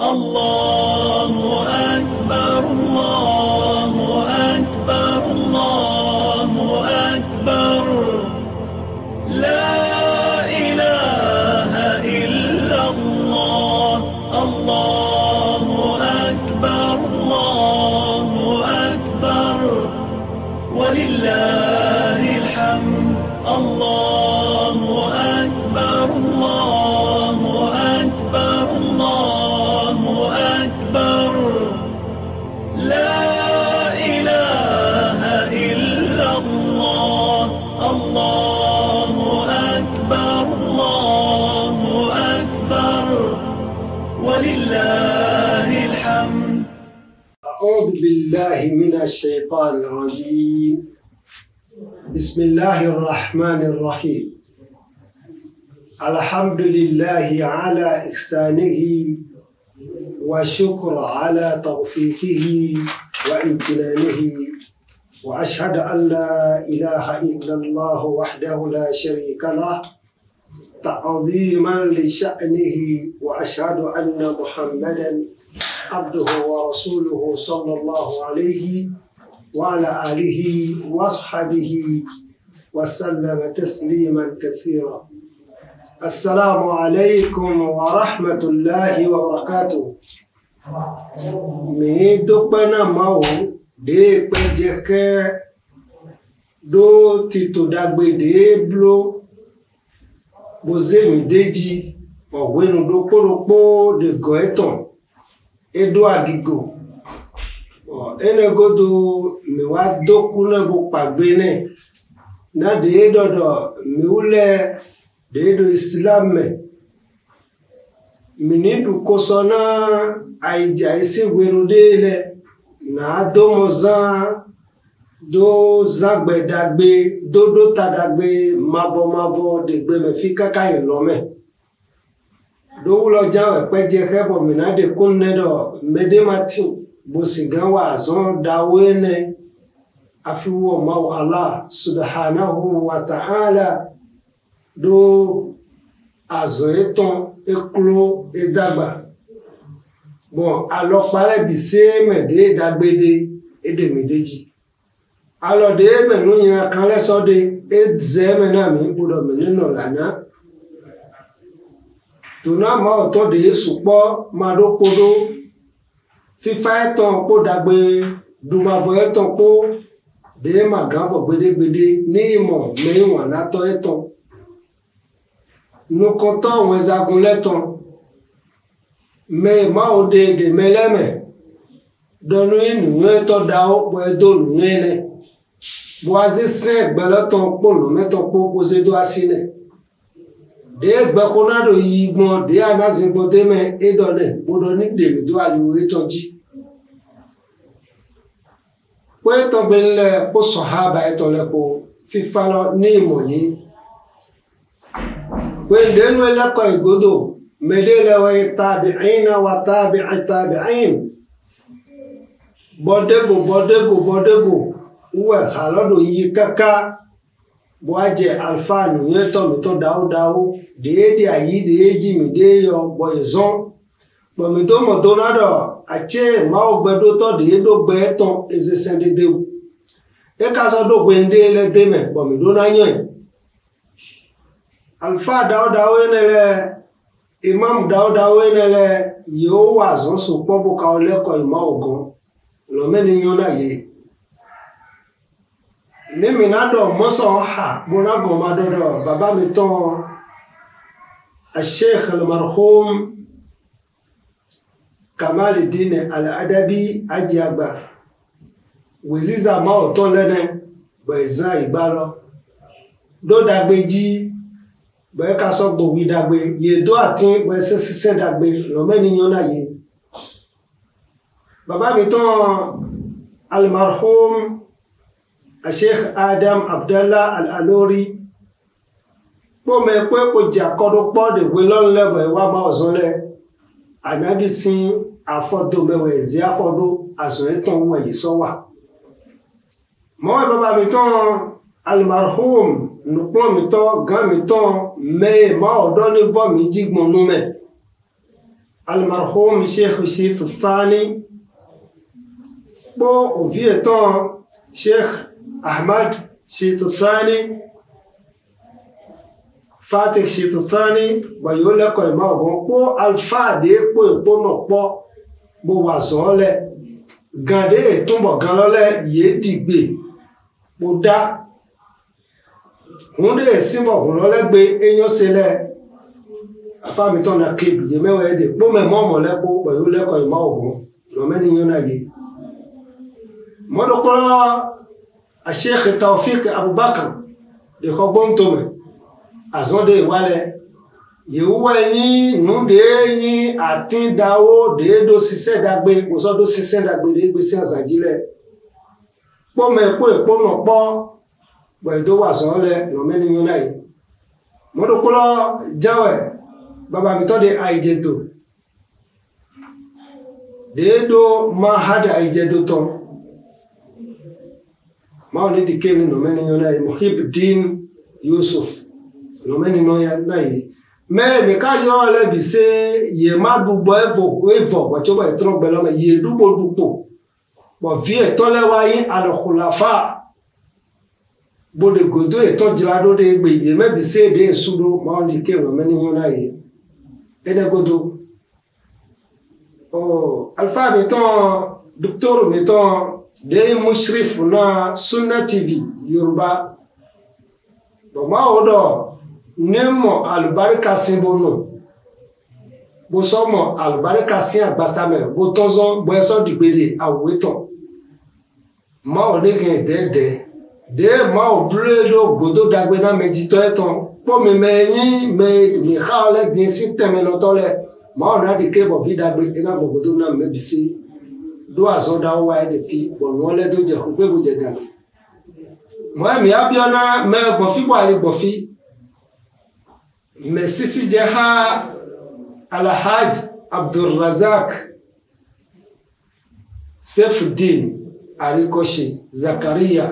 الله أكبر الشيطان الرجيم بسم الله الرحمن الرحيم الحمد لله على إحسانه وشكر على توفيقه وامتنانه وأشهد أن لا إله إلا الله وحده لا شريك له تعظيما لشأنه وأشهد أن محمدا عبده ورسوله صلى الله عليه وعلى آله وصحبه وسلم تسليما كثيرا السلام عليكم ورحمة الله وبركاته mi dúpẹ́ náà mọ́ ò dé pẹ́ jẹ́ kẹ́ dó títò dàgbèdè bló bozemi déjì ọ̀gbẹ́nu dókòrókó dègọ́ edo àgìgò ene godo mi wa doku ne bo kpagbe ne na ɖee dodo mi wo lɛ ɖee islam me mi ni ɖu kosɔ na ayidza esi wenu ɖee lɛ na do mɔ zã do zãgbe ɖagbe do ɖo ta ɖagbe mavɔ mavɔ ɖegbe me fi kaka yi lɔ me ɖo wulɔ dza ekpe dze xe bɔ mi na ɖe kun ne ɖɔ me ɖe ma ti bosi gan wa zɔn dawene afi wɔ mawu ala subhanahu wa ta'ala do azɔ etɔn eklo edagba bɔn alɔkpalɛ bise mɛ de dagbede edemidedzi alɔde mɛ nunyina kan lɛ sɔde edzɛ mɛ nami bodɔ mɛ nenɔ lana tona ma de esu kpɔ ma do kpo do fifa etɔn kpo dagbe dumavɔ etɔn kpo ɖe ma gavɔ gbedegbede ne imɔ me iwɔ natɔ etɔn nukɔtɔ wɔzagun lɛ tɔn me mawo de de me lɛ me dɔnu yi nuyɔe tɔ dawo kpɔ edo nuyɔe nɛ boaze sɛ gbɛlɛtɔ kpo lomɛtɔ kpo kpose do asi nɛ ɖe gbɛkɔna do yi gbɔ ɖe anazi gbɔ de me edɔ nɛ gbɔdɔ ni ɖevi do aliwo etɔ dzi. wẽntog bɩ lɛ kʋ sɔhaba yɛ tɔ lɛ kʋ fifalɔ ne imo yi wendenwe lɛ kɔi godo mede lɛ wɛ tabiina wa tabii tabiin bɔdego bɔdego bɔdego wɛ halɔdo yi kaka bɔajɛ alfa nu yɛ tɔmitɔ dawo dawo dee de ayi dee ji dee yɔ bɔyɛ mɔmidɔmɔdɔ na ɖɔ atse mawo gbeɖotɔ ɖe ɖo gbe etɔ̃ ezese dede o eka zɔ ɖo gbe ŋde le de me mɔmidɔ na nyɔe alifa ɖawo ɖawo imam ɖawo ɖawo ene le yewo wɔ azɔ so kpɔ bo kawo lɛ kɔ imawo gɔ lɔme ne nyɔ ha bo na gɔma ɖɔ ɖɔ baba mi tɔ asheikh almarhum. Kamalidin Al-Adabi Ajiagba Weziza Maotonlene Bẹ̀zá Ìgbárọ̀ Lódàgbéjì Bẹ̀ẹ́ ká sọ gbòwì dàgbé Yèdó àti Bẹ̀ẹ́sẹ́ sísẹ́ dàgbé lọ́mẹ́niyàn náà yé. Bàbá mi tán Al-Marhum Sheikh Adam Abdallah Alalori alori kpọmọ ekwe kò jà kọdún pọ dègbé lọ́nlẹ́bọ̀ ẹ̀wá máa ọ̀zọ́ lẹ̀ ànábì sin afɔdomewɛzi afɔdo azɔyɛtɔ wɛyi sɔwa mɔwɛ baba mi tɔ alimarihum nukpɔn mi tɔ gan mi tɔ mɛye mɔwɔ dɔɔni vɔ mi jigbɔnu mɛ alimarihum sheikh yusuf thani kpɔ ovie tɔ sheikh ahmad sheikh thani fatih sheikh thani gbayɔlɛkɔ yi mɔwɔ gbɔn kpɔ alifa de kpɔ ekpɔ nɔ kpɔ bó wà sọ́ lẹ̀ gàdé ètúnbọ̀ gan lọ́lẹ̀ yéé dìgbè bó dá òun dé èsìnbọ̀ òun lọ́lẹ̀ gbé eyín ṣe lẹ̀ afámitọ́ na kébì yé mẹ́wàá ẹ̀dẹ̀ kpọ́mẹ̀ mọ́mọ́ lẹ́kọ́ pẹ̀lú lẹ́kọ̀ọ́ ìmọ̀ ọ̀gbọ́n lọ́mẹ́ni yín náà yé mọ́dọ̀kọ́lọ́ Sheikh Taofik Abubakar lẹ́kọ́ gbọ́ntọ́mẹ̀ àzọ́dẹ̀ ìwálẹ̀ yewoenyi nuɖeenyi atidawo ɖe ɖo sise dagbe wòzɔ ɖo sise dagbe ɖe gbese azadzi lɛ kpɔmɛ kpɔe kpɔnɔ kpɔ gbɛdo wazɔ lɛ nɔmɛni nyɔ na yi mɔdokplɔ dzawɛ babamitɔ de ayidzedo ɖe ɖo maha de ayidzedo tɔ mawo ne dike ne nɔmɛni nyɔ na mohib din yusuf nɔmɛni nyɔ na mɛ ɖeka yɔ le bi se ye ma ɖugbɔ evɔ evɔ gbɔtso be trɔ gbe lɔ me ye ɖugbɔ ɖukpo bɔ vi etɔ lɛ wa yi alɔkulafa bode godo etɔ dzra ɖo ɖe egbe ye me bi se ɖe esu ɖo mawo ni ke lɔ me ne nyɔ na ye ene godo ɔ alifa mi tɔ docteur mi tɔ ɖe musrif na Sunna TV Yoruba bɔn mawo dɔ nímọ̀ àlùbáríkà sí bonú bó sọmọ àlùbáríkà sí àgbàsámẹ bó tọ́sọ́ bó ẹsọ́ dìgbélé àwòwétọ̀ má ò ní kàn dẹ́ẹ̀dẹ́ dẹ́ẹ̀ má ò búrẹ́ ló gbódó dagbe náà méjì tọ́ ẹ̀ tán kpɔmi mɛ nyi mɛ mixa lɛ di si tɛmɛ lɔtɔ lɛ maawo na di ke bɔfi dagbe ena gbɔgbɔdo na mɛ bisi do azɔ da wa yɛ ɖevi bɔnuɔ lɛ do dze kukpe bo dze dana mɔɛ mi abiɔ na mɛ gbɔfi bɔ ali gbɔfi Mesisi Jaha Alhaj Abdulrazak Sefudin Arikoshe Zakaria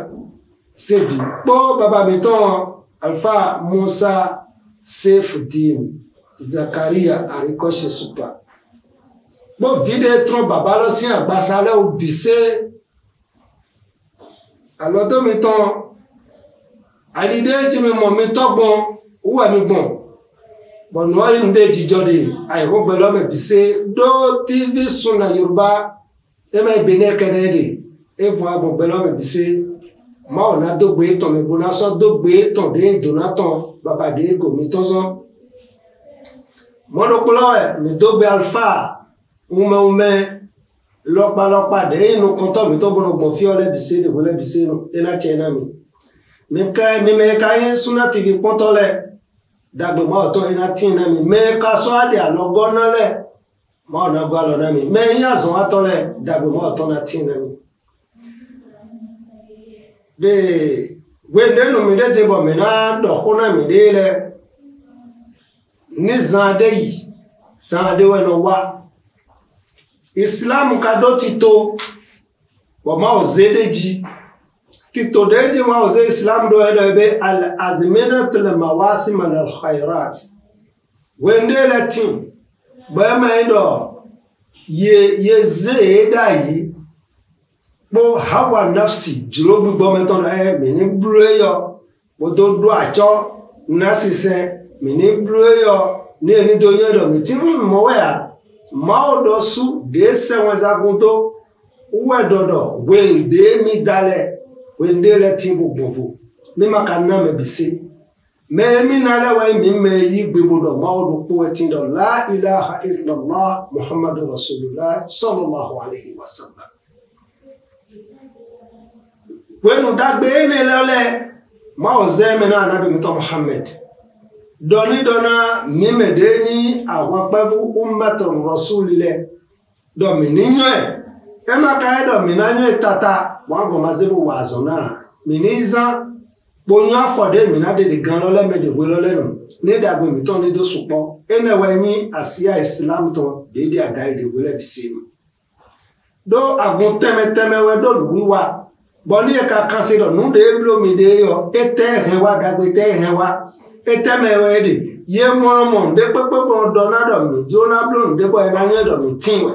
Sevi pọ́ bàbá mi tán Alfa Musa Sefudin Zakaria Arikoshe Super. Pọ́ vide tán bàbá lọ sí àgbàsálẹ̀ òbíṣẹ́ àlọ́dọ́ mi tán àlídé tí mi mọ̀ mi tọ́gbọ́n owó mi gbọ̀n bon noa yi nde dzidzɔ de ayi wo gbɛlɔ me bise ɖo tv suna yoruba ema ebe ne ke ne de evu abo gbɛlɔ me bise mawo na do gbe etɔ me bo na sɔ do gbe etɔ de do na tɔ baba de gomi tɔ zɔ mɔnukplɔ yɛ me e, do gbe alfa umeume lɔkpalɔkpa de yi nukɔtɔ mi tɔ bɔ na gbɔnfiɔ le bise de bo le bise no ena tse na mi mi ka mi me ka ye suna tv kpɔtɔ lɛ dagbe ma ọtọ ina tin na mi me ka so ade alogo na le ma ona gba lo na mi me ya so ato dagbe ma ọtọ na tin na mi de we de nu mi de te bo mi na do na mi de le ni zan de yi zan de we no wa islam ka do ti to wa ma o zedeji ki todeji ma ose islam do edo be al adminat al mawasim al khairat wende latin ba ma edo ye ye ze dai bo hawa nafsi juro gbogbo meto na e mi ni blueyo bo to do acho nasise mi ni blueyo ni eni to yedo mi ti mo wea ma odo su de se won wende le ti vovovo mi ma ka na me bise me mi na le me yi gbebo do ma o do po etin do la ilaha illallah muhammadur rasulullah sallallahu alaihi wasallam wenu dagbe ene lele ma o ze mi na nabi muto muhammad dɔni dɔna mime de nyi awon rasulile dɔmi ninyɔɛ e. emakaedo minanywe tata mwago mazibu wazo na miniza bonyo afọde mina dede gan lọlẹ mẹdẹ wẹ lọlẹ nù ní ìdàgbé mi tán ní dóṣù pọ ẹnẹ wẹ ní àsíá ìsìlámù tán déédé àga èdè wẹlẹ bí sí mi. dó àgùn tẹmẹtẹmẹ wẹ dọlù wíwá bọ ní ẹka kan sí lọnù dé blomi dé yọ ẹtẹ ẹhẹ wa dàgbé tẹ ẹhẹ wa ẹtẹmẹwẹ ẹdè yé mọrọmọ ndé pẹpẹ bọ dọ nádọ mi jóná blóǹdé bọ ẹ náà yẹ dọ mi tìǹwẹ.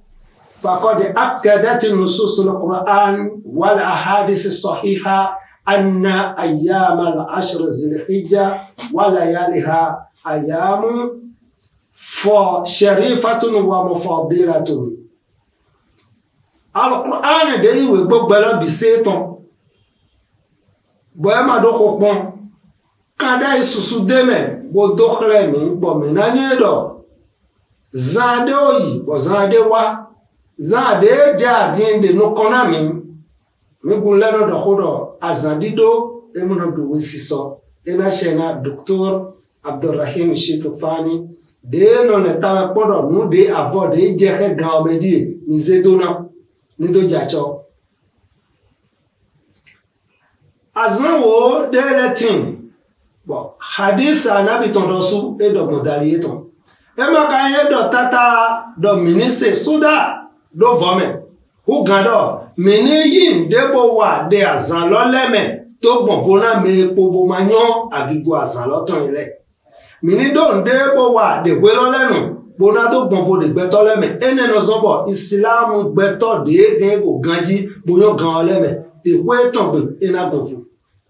فقد أكدت النصوص القرآن والأحاديث الصحيحة أن أيام العشر ذي الحجة ولياليها أيام شريفة ومفضلة alukur'ani de ìwé gbogbo ẹlọ bi seetan bọ ẹ ma do ko kpɔn kada yi susu de mɛ bo do xlẽ mi gbɔ mi na nyuie dɔ zã de wo yi bɔ zã de wa zã ɖee dze adi ɖe nukɔ na mi migun lɛ no dɔkɔ dɔ azã ɖiɖo emu na do wosi sɔ ena sɛ na doctor abdulrahim shitufani ɖee nɔ ne tame kpɔ dɔ nu ɖee avɔ ɖee dze ke gã wo me die mi ze do na ne do dzatsɔ azã wo ɖe le tin bɔn hadith anabitɔ dɔ su etɔ ema ka ye dɔ tata dɔ minise soda lovome ugandɔ mene yi ndebo wa de azan lɔ lɛmɛ to gbɔnfo na me kpobo ma nyɔ agigo azan lɔ tɔn yi lɛ mene do ndebo wa de gbe lɔ lɛnu bona to gbɔnfo de gbɛtɔ lɛmɛ ene nɔ zɔn bɔ isilamu gbɛtɔ de ege ko ganji bonyɔ gan lɛmɛ de ko etɔn gbe ena gbɔnfo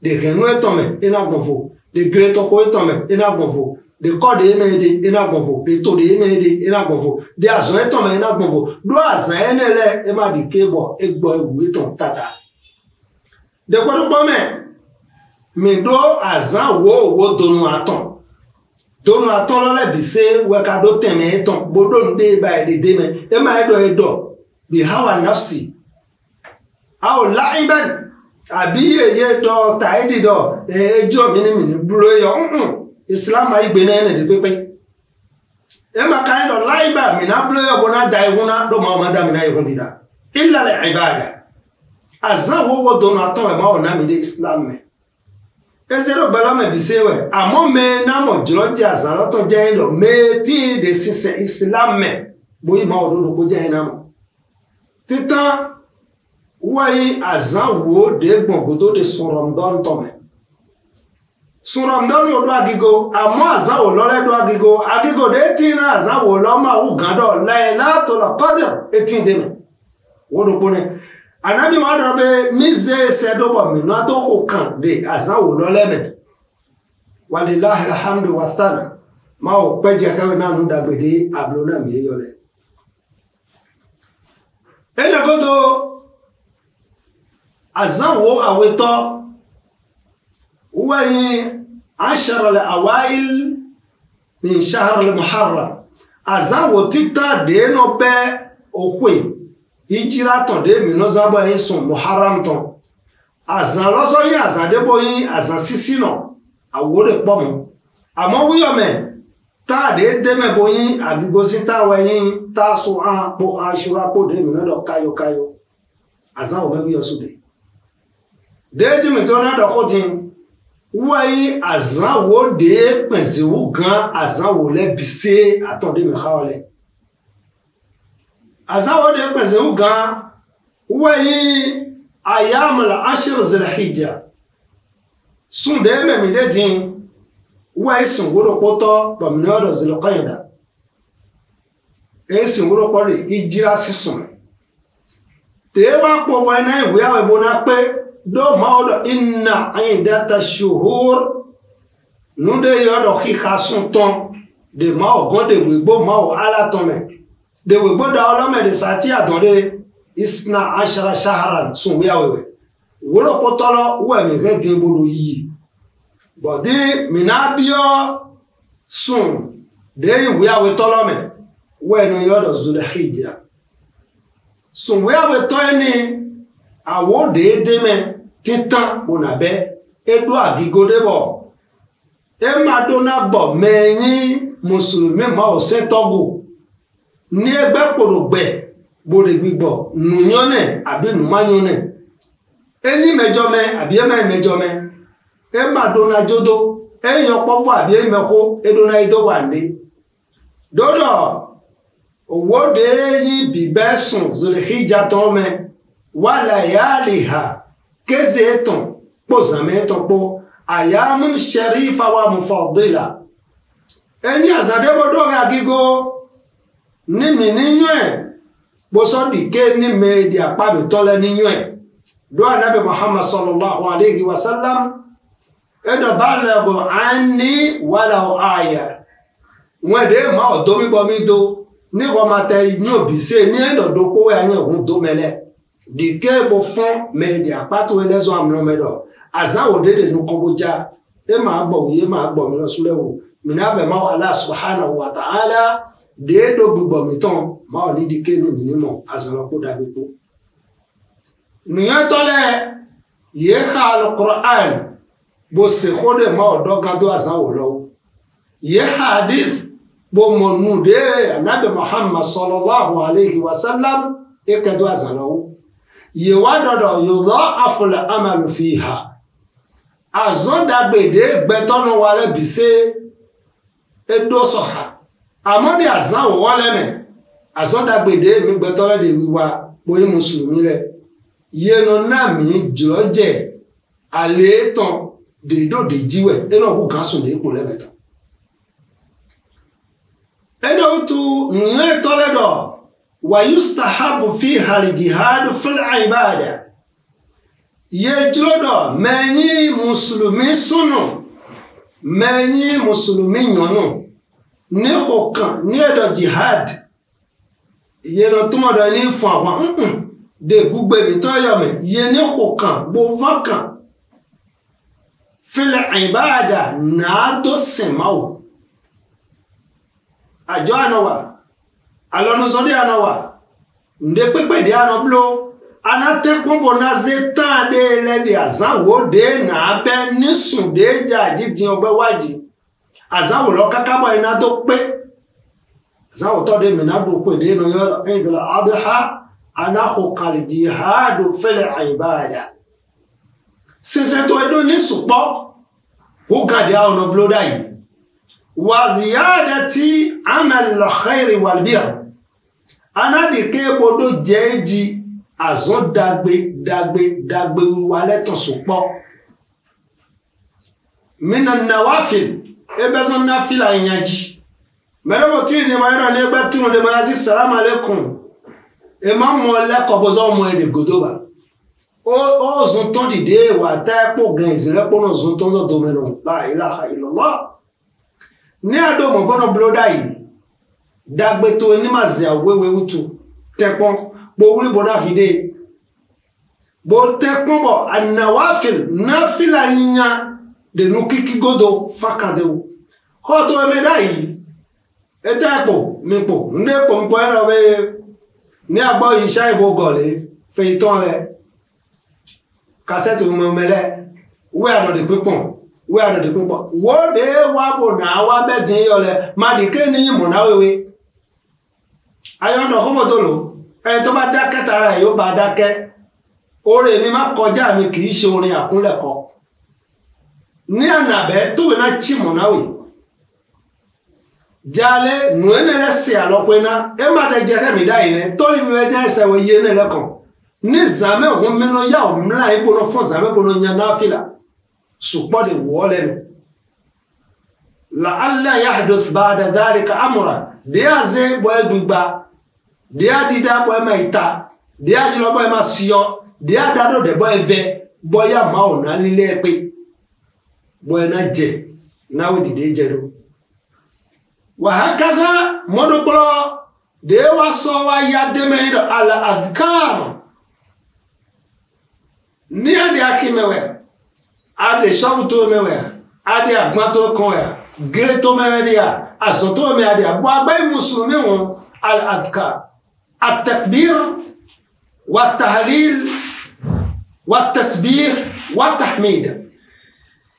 de hɛnu etɔn mɛ ena gbɔnfo de gre tɔkɔ etɔn mɛ ena gbɔnfo de kɔ de eme de ena gbɔnvo de to de eme de ena gbɔnvo de azɔ etɔ me ena gbɔnvo do aza yɛ ne lɛ ema de ke bɔ egbɔ ewu etɔ tata de kpɔdokpɔ me mi do aza wo wo donu atɔ donu atɔ lɔ lɛ bi se wɛka do tɛmɛ etɔ bo do nu de ba yɛ e de de me ema yɛ e dɔ yɛ e dɔ bi hawa nafsi awo lai bɛ abi yeye dɔ ta yi di dɔ edzo minimini bulo yɔ nnn islam ayi gbe n'ayɛ Ema kpekpe ɛma kan dɔ laiba mina bulo yɔ bona da ihu na do maa ma da mina ihu ti da ilale ibada azan wo wo dɔnɔ atɔ ɛma wɔ nami de islam mɛ ese do gbɛlɔ mɛ bise wɛ amɔ mɛ namɔ dzrɔ dze azan dze yi dɔ mɛ de sise islam mɛ boyi ma wɔ do do ko dze yi namɔ titan wɔyi azan wo de gbɔn godo de sɔrɔ ŋdɔ ŋtɔ mɛ. suromdoni odu agigo amu aza olore du agigo agigo de tina aza wo ma wu gando laila to la qadr etin de me wodo pone anabi wa do be mize se do bo mi na to de aza wo lo leme walillahi alhamdu wa thana ma ọ peje kawe na nu dagbede ablo na mi e yole ele godo aza wo وهي عشر الأوائل من شهر المحرم àzáwò títàdé nọ bẹ òpè ìjírá tọ̀dé mi lọ sábà yín sùn muharram tán àzàn lọ́sọ́ yín àzàn débò yín àzàn sísí nà àwòrè pọ̀ mọ́ àmọ́ wíyọ̀mẹ̀ táàdé dẹ́mẹ̀ bo yín àdúgbò sí táwọn yín táàsùn àpò aṣọra pò dé mi lọ́dọ̀ káyọ̀káyọ̀ àzáwò mẹ́wíyọ̀ sùn mi wai a zan wo de ye kpɛnziwu gan a zan wo lɛ bi se a tɔ de mi xa o lɛ a zan wo de ye kpɛnziwu gan wai a y'a mala ashir zilhijja sun de ye mɛmi de din wai kpɔtɔ baminɛ dɔ zilkɔnyɛ da e singoro kpɔ de i jira si sɔmɛ de e b'a kpɔ bɔ ɛnɛ ìwé awɛ bo pé do maodo inna idata shuhur nude yodo kika sunton de mao de wegbo mao tome de wegbo da olome de sati adore isna ashara shaharan sun wiya wewe wolo potolo uwe mi gen din bolo yi bodi minabio sun de wiya we tolome we no yodo zulhijja sun wiya we to eni àwòdèédémẹ títàn ònàbẹ edo àgígódébọ ẹ máa dóná bọ mẹyìn mùsùlùmí mọ ọsẹ ní ẹgbẹ kòrògbẹ gbòdè gbígbọ nùyọnẹ àbí nùmáyọnẹ eyín mẹjọmẹ àbí edona idọwà ní dọdọ òwòdè yìí walayaliha kezeton kpo zameton kpo ayamun sharifa wa mufadila ẹni àzàdébọdọ rẹ àgígó nímì níyàn ẹ gbọsọdìké nímì èdè àpàmìtọlẹ níyàn ẹ dọ anabi muhammad sallallahu alayhi wa sallam ẹdọ balẹbọ àní wàlà àyà wọn èdè má ọdọ míbọmídó ní ọmọ tẹ ní òbí sí ní ẹdọdọ kówó ẹyìn òun tó mẹlẹ dike bofɔ mɛ di akpato yɛ lɛzɔ amlɔmɛ dɔ azawo de de nukɔbodza ema agbɔ wu ye ma e agbɔ mi lɔsu lɛ wo mina bɛ ma wɔ ala subhanahu wa ta'ala de do gbugbɔmitɔ ma wɔ ni dike ni mi ni mɔ azalɔko dabi ko nuyɛtɔ lɛ ye xa alukur'an bo seko de ma wɔ dɔ gado azawo lɔ wo ye hadith gbomonu de anabi muhammad sallallahu alayhi wa sallam ekadu azalawo yewa dandamu yoro afuru amara ha azonda gbede gbetonuwa lẹ bii si eto so ha amoni azawowale me azonda gbede mi gbeto le di wiwa e po imusulu mire yenu naa mi julo je ala etan dindo di ji e ena oku gasun de ipo ebe ena otu ni ويستحب فيها الجهاد في العبادة يجلد مني مسلمي سنو مني مسلمي ينو ní ọkàn ní ẹ̀dọ̀ jihad ìyẹn lọ túmọ̀ dọ̀ ní fún àwọn nǹkan de gbogbo èmi tó yọ mẹ́ ìyẹn ní ọkàn gbogbo kan fílẹ̀ ìbáàdà náà tó sìn àjọ àná alɔnu zɔn de anɔ wa ŋde kpekpe de anɔ blo anate kpɔbɔ na ze tã ɖe le ɖe azawo ɖe na abe nisu ɖe dza dzidzi ɔgbe wadzi azawo lɔ kaka bɔ yina do kpe azawo tɔ ɖe mɛ na do kpe ɖe nɔ yɔ eyi abe ha anaxɔ kali ha do fɛlɛ ayiba ya sesɛtɔ eɖo nisu kpɔ wo ga ɖe awɔ blo ɖa yi wa ziya ɖe ti amɛ lɔ xɛyiri walibi ya anadike bodo dze edzi azɔ dagbe dagbe dagbe wiwa lɛ tɔso kpɔ minana wafil ebe zɔ nafila nya dzi mɛlɛbɔ tiri de ma yɔrɔ ne gba tunu de ma yasi salamu aleykum ema mɔ lɛ kɔbɔzɔ mɔ ye de godo ba o o zuntɔn dide wa ta kpo gan ezilɛ kpo nɔ zuntɔn zɔ dome nɔ la ilaha illallah ne a do mɔ bɔnɔ blo da dagbeto enimazia wewe utu tekpɔn kpowuli bɔ na hi de bo tekpɔn bɔ anawafil nafila nyinya de nu kiki godo faka de o xɔtɔ ɛmɛ da yi ete kpo mi kpo nde kpo nkpɔ yɛ lɔ be ne agbɔ isa ibo gɔle feyitɔn lɛ kasɛti mɛmɛ lɛ wɛ anɔ de kpekpɔn wɛ anɔ de kpekpɔn wo de wa bo na wa bɛ den yɔ ni mɔna wewe. ayọ̀nà kọ́mọ̀tòló ẹni tó bá dákẹ́ tara ẹ̀ yóò bá dákẹ́ oore mi má kọjá mi kì í ṣe orin àkúnlẹ̀kọ ní ànàbẹ́ tówe náà chimonawe jale ẹ má tẹ dá yìí mi ẹsẹ̀ yé kàn ní zàmẹ́ òun mẹ́nà ìgbóná fún zàmẹ́ gbóná náà fìlà ṣùgbọ́n wọ́ lẹ́nu ẹ deɛ adida bɔ ɛma ita deɛ adzirɔ bɔ ɛma siɔ deɛ adadɔ dɛ bɔ ɛvɛ bɔ ya ma wò na lili ɛkpe bɔ na je na wò didi dze do wahakada mɔdokplɔ deɛ wa sɔ ya deme yi dɔ ala adikar ní adi akimɛ wɛ adi sɔbuto mɛ wɛ adi agbato kɔn wɛ gire to mɛ wɛ di ya azɔto mɛ adi abo ala adikar. التكبير والتهليل والتسبيح والتحميد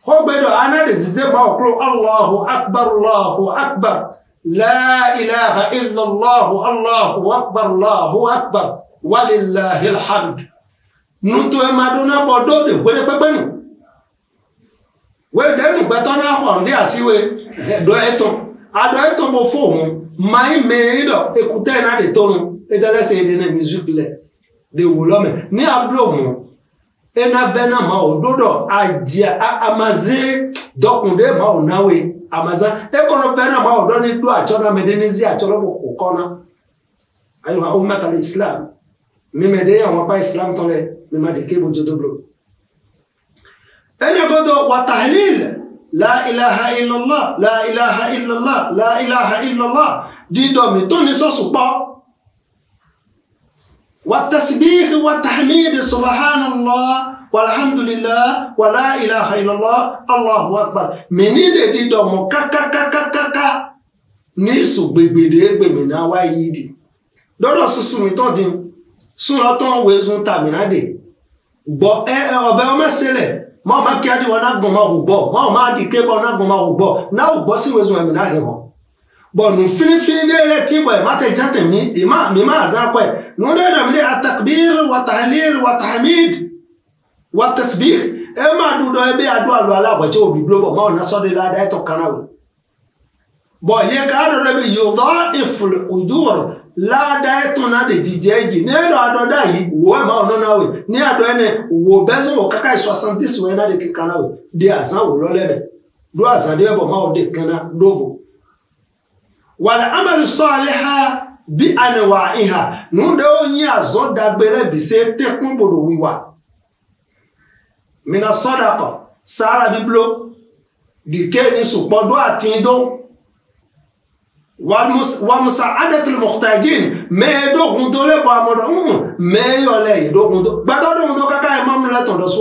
هو بدو أنا لزيزي باوكلو الله أكبر الله أكبر لا إله إلا الله الله أكبر الله أكبر ولله الحمد nutu ما دونا dún náà bọ dóde péré pépé nù wéde nígbà tó náà hàn ní àsíwé ẹdọ ẹtọ adọ ẹtọ idara sayyidina bi zukle de wolome ni mo, ena vena ma ododo ajia amazi dokunde ma we amaza ekono vena ma odoni do achona medenizi achoro ukona ayuha ummat al-islam mimede ya pa islam tole mimade kebo jodoblo ene godo wa tahlil la ilaha illallah la ilaha illallah la ilaha illallah dídọ̀ mi tó ní sọ́sùpọ̀ والتسبيح والتحميد سبحان الله والحمد لله ولا إله إلا الله الله أكبر mìíní lè di dọ̀mù kákákákákáká ní ìsùgbègbèdégbè mìíràn wá yìí dì lọ́dọ̀ sísun mi tán dín súnlọ tán wẹ̀sùn tàmínà dè gbọ́ ẹ ọ̀bẹ ọmọ sílẹ̀ mọ́ ọmọ kí adé wọn náà gbọ́n máa wù gbọ́ mọ́ ọmọ adìkẹ́ bọ́ náà gbọ́n máa wù gbọ́ náà wù gbọ́ sí wẹ̀sùn ẹ̀mí náà rẹ̀ wọ́n bonu finifini de le ti boy mate jate mi ima mi ma za koy nu de dam de atakbir wa tahlil wa tahmid wa tasbih e ma du do e be adu alu ala bo che obi globo ma ona so de la da e to kana we bo ye ka do de be yudo iful ujur la da e to na de jije ji ne do ado da yi wo e ma ona na we ni ado ene wo bezo kaka 70 we de kana we de azan wo lo lebe do azan de bo ma de kana dovo wàlẹ̀ amẹ́lú sọ àléhà bí ànẹ̀wà ìhà nùdẹ́ ó yín àzọ́dàgbẹ́rẹ́ bí ṣe tẹ́kún bòrò wíwà mina sọ́dàkọ̀ sára bíbló dìkẹ́ ní sùpọ̀dọ́ àti idó wàmùsà adẹ́tìlì mọ̀tàjín mẹ́ẹ̀ẹ́dógún tó lẹ́bọ̀ àmọ́dọ̀ mẹ́ẹ̀yọ̀lẹ̀ ìdógún tó gbàdọ́dógún tó káká ẹ̀ mọ́mú lẹ́tọ̀dọ̀ sọ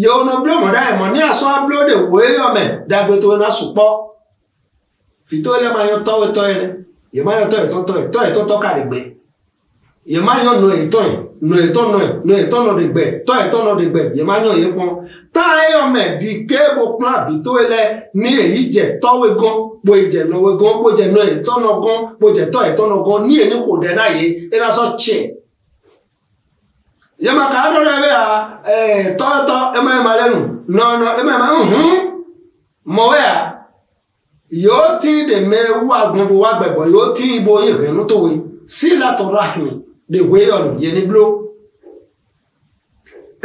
yewono blo mo ɖa emɔ ne asɔ ablo ɖe wo eyɔ me ɖagbeto na sukpɔ fito le ma yɔ tɔwo tɔ yi e ne e yema yɔ tɔ yi e tɔtɔ yi tɔ yi tɔtɔ ka ɖe gbe yema yɔ nɔ yi tɔ yi nɔ yi tɔ nɔ yi nɔ yi tɔ nɔ ɖe gbe tɔ yi tɔ nɔ ɖe gbe yema yɔ yi kpɔn ta eyɔ me ɖi ke bo kplɔ fito le ne yi dze tɔwo gɔn bo yi dze nɔwo gɔn bo dze nɔ yi tɔ nɔ gɔn bo dze tɔ yi tɔ nɔ gɔn ne yi ne ko ɖe na ye erasɔ yema ka adoro ebe a eh toto ema ema lenu no no ema ema mhm mo we a yo ti de me wa gun bo wa gbegbo yo ti ibo yin kan nu to we si la to rahmi de we on ye ni blo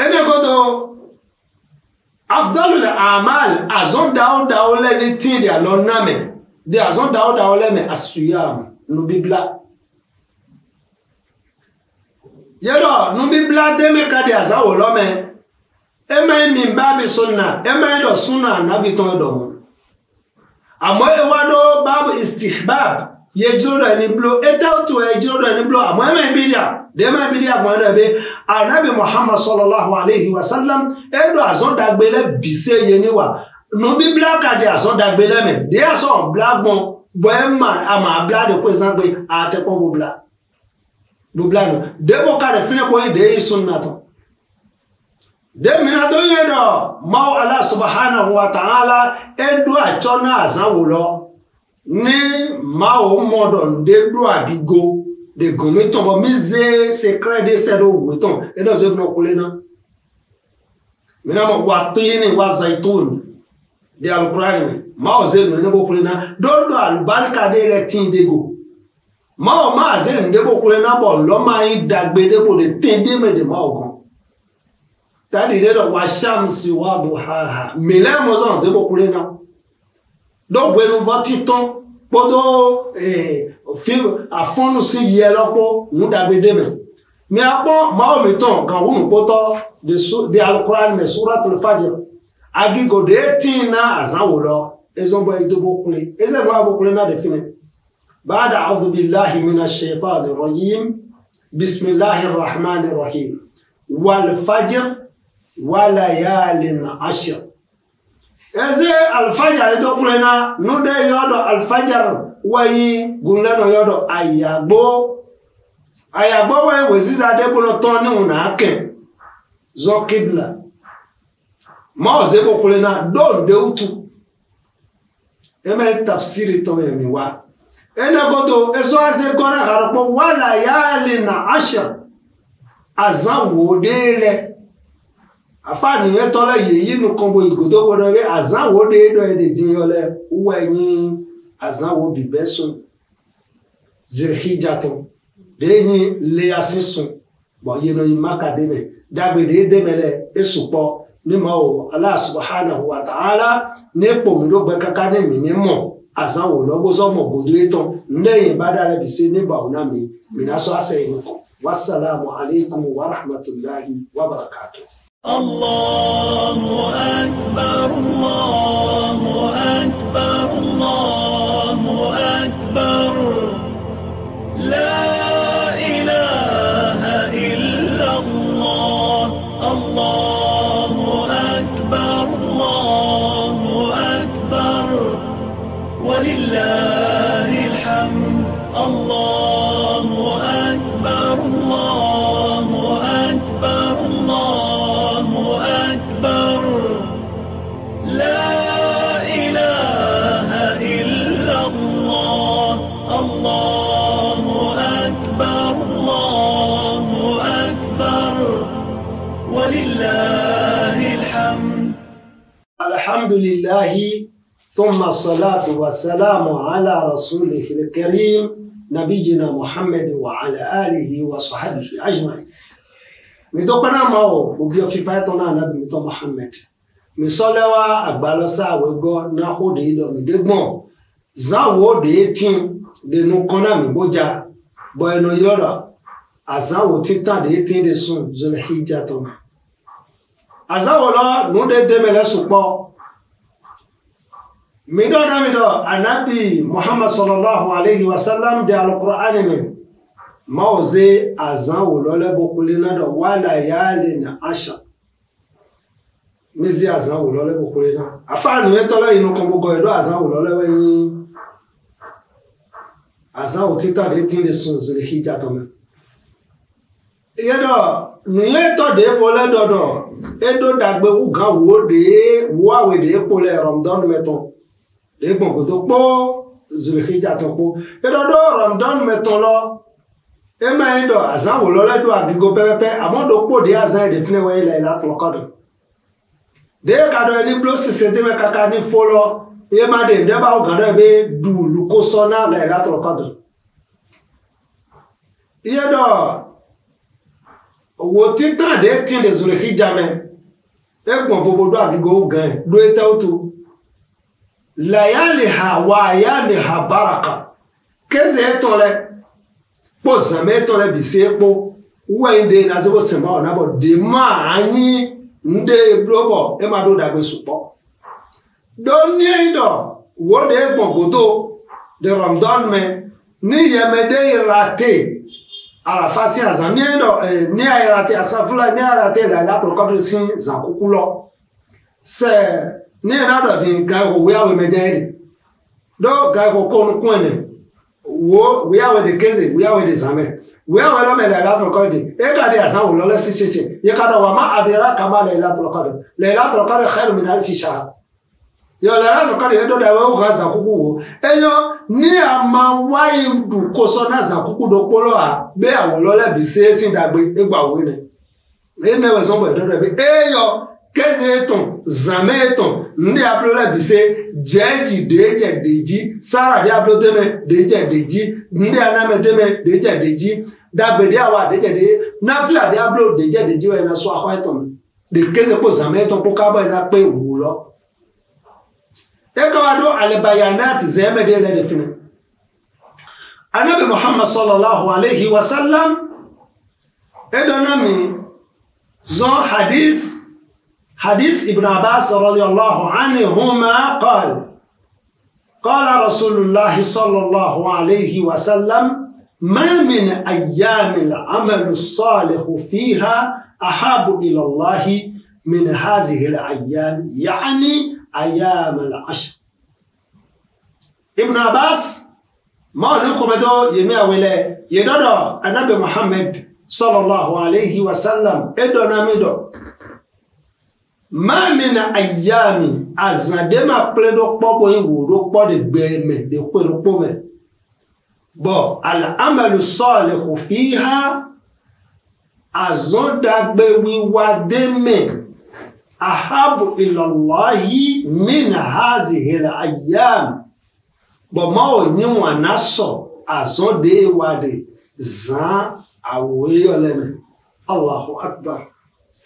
ene ko to afdalul amal azon down down le ni ti de lo na me de azon down down le me asuyam nu yedo nubibla deme kadi azawo lome eme mi babi sunna eme do sunna nabi ton do mu àmọ́ ewa do babu istihbab ye jiro do ni blo eta to ye jiro do ni blo àmọ́ eme bidia de ma bidia mo do be anabi muhammad sallallahu alaihi wasallam e do azon dagbele bise ye ni wa nubibla kadi azon dagbele me de azon blagbon bo ema ama bla de ko san pe atepo bo bla dublano debo kare fine koyi de yi sunnato de minato ye do mawo ala subhanahu wa ta'ala edu acho na azanwo lo ni mawo modo de a digo de gomi ton bo mize secret de se do wo ton e do se no kule na mina mo wa tini wa zaitun de alquran mawo ze no ne bo kule na do do albarka de re tin de go mawo maazi ndebo kule nabo loma idagbe debo de tende me de mawo gan tadi de do wa shamsi wa duhaha mele mo zan zebo kule na do gbe nu voti ton podo eh fi afonu si ye lopo nu dagbe de me mi apo mawo mi ton gan wo nu poto de so de alquran me suratul fajr agigo de tina azan wo lo ezo bo idobo kule eze bo abokule na de fini بعد أعوذ بالله من الشيطان الرجيم بسم الله الرحمن الرحيم والفجر وليال عشر eze alfajar dɔkulena nude yɔdɔ alfajar wayi gunlɛnɔ yɔdɔ ayagbo ayagbo wayi wesiza de bolo tɔn ne ŋun naa kɛ zɔkibla mɔɔze bokulena don dewutu eme tafsiri tɔmɛ mi wa Enekoto Esɔhazekoraharịpọwala ya lina asịa azãwo ɖe. Afa n'ihe tɔla ihe yi n'okpombe Igbo t'o kpọrọ ebe azãwo diyole dịnyɔ nye azãwo bìbem sun. Ziri hi dza tụ ɖe nye le ya si sun. Bɔn ihe n'oyi maka deemɛ dagbe deemɛ de esukpɔ n'i ma wò alasụbhàhà gbe kaka n'eme nye azã wòlɔ gbɔsɔ mɔ godo yɛ tɔn ne yɛn ba da la se ne bawo mi mina sɔ asɛ yɛn kɔ wasalamu aleykum wa rahmatulahi wa barakatu. الله أكبر الله أكبر الله أكبر لا alhamdulillahi ثم الصلاة والسلام على رسوله الكريم نبينا محمد وعلى آله وصحبه أجمعين mi dúpẹ́ náà mọ́ ọ́ òbí ọ̀fi fáìtàn náà nàbí mi tọ́ Muhammad mi sọ́lẹ́wà àgbàlọ́sà àwẹ̀gọ́ náà ó dé lọ mi dégbọ̀n záwò ó dé tín dẹnu kan náà mi gbójà bọ ẹnu yọ̀rọ̀ àzáwò títàn dé tín dé sùn zọlẹ̀ híjà tọ́mà àzáwò lọ nù dé mẹ́lẹ́sùn pọ̀ Mido na mido anabi muhammad sallllahu alayhi wa sallam de alqur'ani min mawze azan wulole bokulinaɗo wala na asha mizi azan wulole bokulina afaanu yetolo inu kan gbogbo edo azan wulole weyin azan otita de tinde sun zilihija tome yedo nuyeto de vole dodo edo dagbe wugan wo de wo awe de ekpole ramadan meton ɖegbɔgodo kpɔ zulexidza tɔ kpo eɖɔ ɖo rɔndɔn me tɔ lɔ ema yi ɖɔ azã wòlɔ lɛ ɖo agigo pɛpɛpɛ amɔ ɖo kpo ɖe azã yi ɖe ne wɔyi le la kplɔ kɔ do ɖe ka ɖɔ yi ni blo sese de me kaka ni fo lɔ ye ma ɖe ɖe ba wo gã ɖɔ yi be du lukosɔ na le la kplɔ kɔ do ye ɖɔ wòtí tán ɖe tí ɖe zulexidza me egbɔn fobo ɖo agigo gã ɖo etawo to layaliha wa ayamiha baraka keze etole kpo zame etole bise kpo uwe inde na zego sema onabo dema anyi nde blobo emado dagbe supo donye ido wode ekpo godo de ramdan me ni yemede irate arafa si azan eh, ni ido ni ayirate asafula ni ayirate lailatul qadr si zankuku lo se neenadɔte gai ko wiawe mejaede do gai ko kon kuene wo wiawe de keze wiawe de zame wiawe lo me lailatul qadr e ka de asan wo lole sisitse ye ka da wa ma adira kama lailatul qadr lailatul qadr khairu min alfi shahr yọ lailatul qadr ye e do da wo ka za kuku wo eyo ni a ma wa idu ko so na za kuku do polo a be awo lole bi e keze tun zame tun ndị abụrụ la bise jeji deje deji sara dị abụrụ deme deje deji ndị aname deme deje deji dagbe awa deje deji nafila dị abụrụ deje deji wa ina sọ ahụ etọ mi de keze kpo zame tun kpo kaba ina kpe wu lọ. ekawa do alibaya nati zeme de ne de fini. anabi muhammad sallallahu alaihi wa sallam edona mi zɔn hadith. حديث ابن عباس رضي الله عنهما قال قال رسول الله صلى الله عليه وسلم ما من أيام العمل الصالح فيها أحب إلى الله من هذه الأيام يعني أيام العشر ابن عباس ما لكم دو يمي ولا يدو النبي محمد صلى الله عليه وسلم ادو نميدو mamina ayami azãde ma ple ɖo kpɔ bo ye wò ɖo kpɔ ɖe gbe me ɖe kpe ɖo kpɔ me bɔ ala amelu sɔ le ko fi ha azɔdagbe wiwa de me ahabu ilɔlɔhi mina hazi hela ayami bɔ ma wo nyi wa na sɔ azɔde wa de zã awo ye yɔ le me alahu akbar.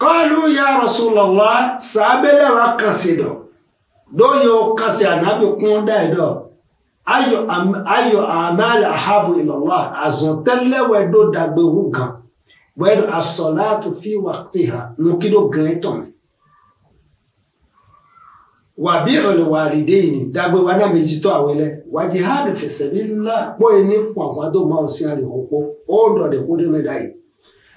qalu ya rasulallah saabelewa kasido do yo kasi anabi kunda ido ayo am, ayo amali ahabu ilallah azontelewe do dagbe wugan wẹ́rù asọ̀látù fi waqtiha mú kí ló gan ẹ̀tọ̀ mi wà bí ìrọ̀lẹ̀ wà rìdé ìní wa náà méjì tó àwẹ̀lẹ̀ wà jihad fi sabilillah pọ̀ ẹni fún àwọn àdó máa ń sin àrè òpó ó dọ̀dẹ̀ kó dé mẹ́ta yìí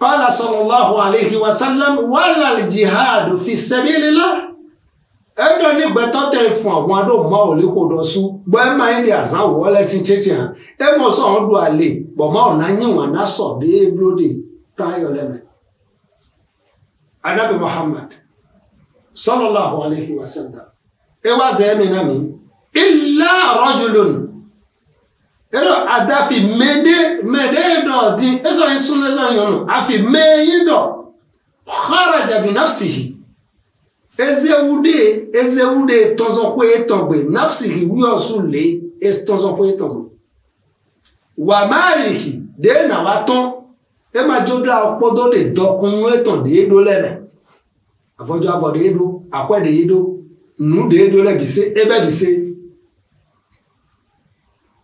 قال صلى الله عليه وسلم ولا الجهاد في سبيل الله ẹjọ́ nígbẹ́ tọ́tẹ̀ fún àwọn adóhùnmá òlékòdọ̀ sún gbẹ́mà ilé àzáwò ọlẹ́sìn títí hàn ẹ mọ̀ sọ ọdún àlè pọ̀mọ́ ọ̀nà yíwọ̀n náà sọ̀ dé blóde táyọ̀ lẹ́mẹ̀. anábì Muhammad sallallahu alayhi wa sallam ẹ wá zẹ́ẹ́mì náà mi illa rajulun ero adafi mede mede do di eso en sun eso yono afi meyi do kharaja bi nafsihi ezewude ezewude tozo ko etogbe nafsihi wi osun le es tozo ko etogbe wa malihi de na wa ton e ma jodra opodo de dokun eton de do lebe avojo avodo edo akwede edo nu de edo lebi se ebe bi se e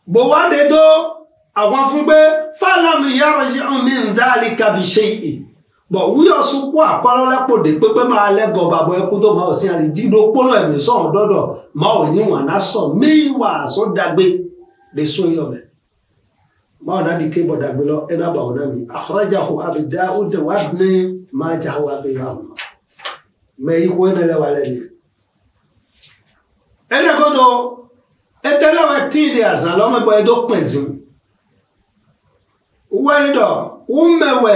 bó wá dé tó àwọn fún pé fálámù yàrá yìí mi ń dáàlì kábi ṣe ìyè bọ̀ wúyọ̀ sunkún àpárọ́lẹ́pọ̀ dé pé pé máa lẹ́gọ̀ tó máa sọ sọ dàgbé lè sún yọ máa di lọ ẹ náà bà ọ náà mi àbí dá ó dé wá ní máa jà rà wọn. mẹ ikú ẹ wà dalawa tiidi asan lɔme gbɔ edo kpɛ zim wɔyi dɔ wumewɛ